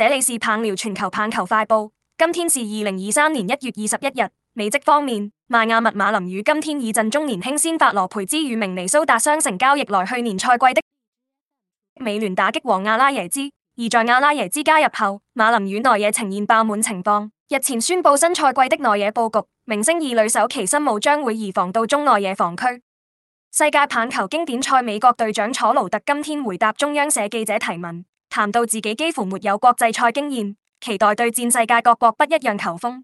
這裏是棒聊全球棒球快報，今天是二零二三年一月二十一日。美職方面，邁阿密馬林魚今天以陣中年輕先發羅培茲與明尼蘇達雙城交易來去年賽季的美聯打擊王阿拉耶茲。而在阿拉耶茲加入後，馬林魚內野呈現爆滿情況。日前宣布新賽季的內野布局，明星二壘手奇辛姆將會移防到中內野防區。世界棒球經典賽美國隊長楚勞特今天回答中央社記者提問。談到自己幾乎沒有國際賽經驗，期待對戰世界各國不一樣球風。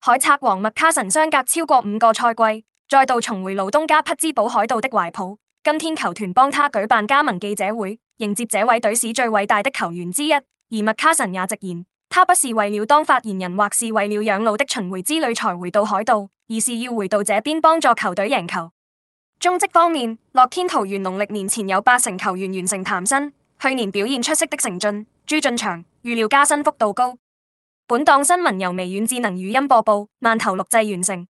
海賊王麥卡臣相隔超過五個賽季，再度重回老東家匹茲堡海盜的懷抱。今天球團幫他舉辦加盟記者會，迎接這位隊史最偉大的球員之一。而麥卡臣也直言，他不是為了當發言人，或是為了養老的巡回之旅才回到海盜，而是要回到這邊幫助球隊贏球。中職方面，樂天桃園農曆年前有八成球員完成談薪。去年表現出色的成俊、朱進祥，預料加薪幅度高。本檔新聞由微軟智能語音播報，萬頭錄製完成。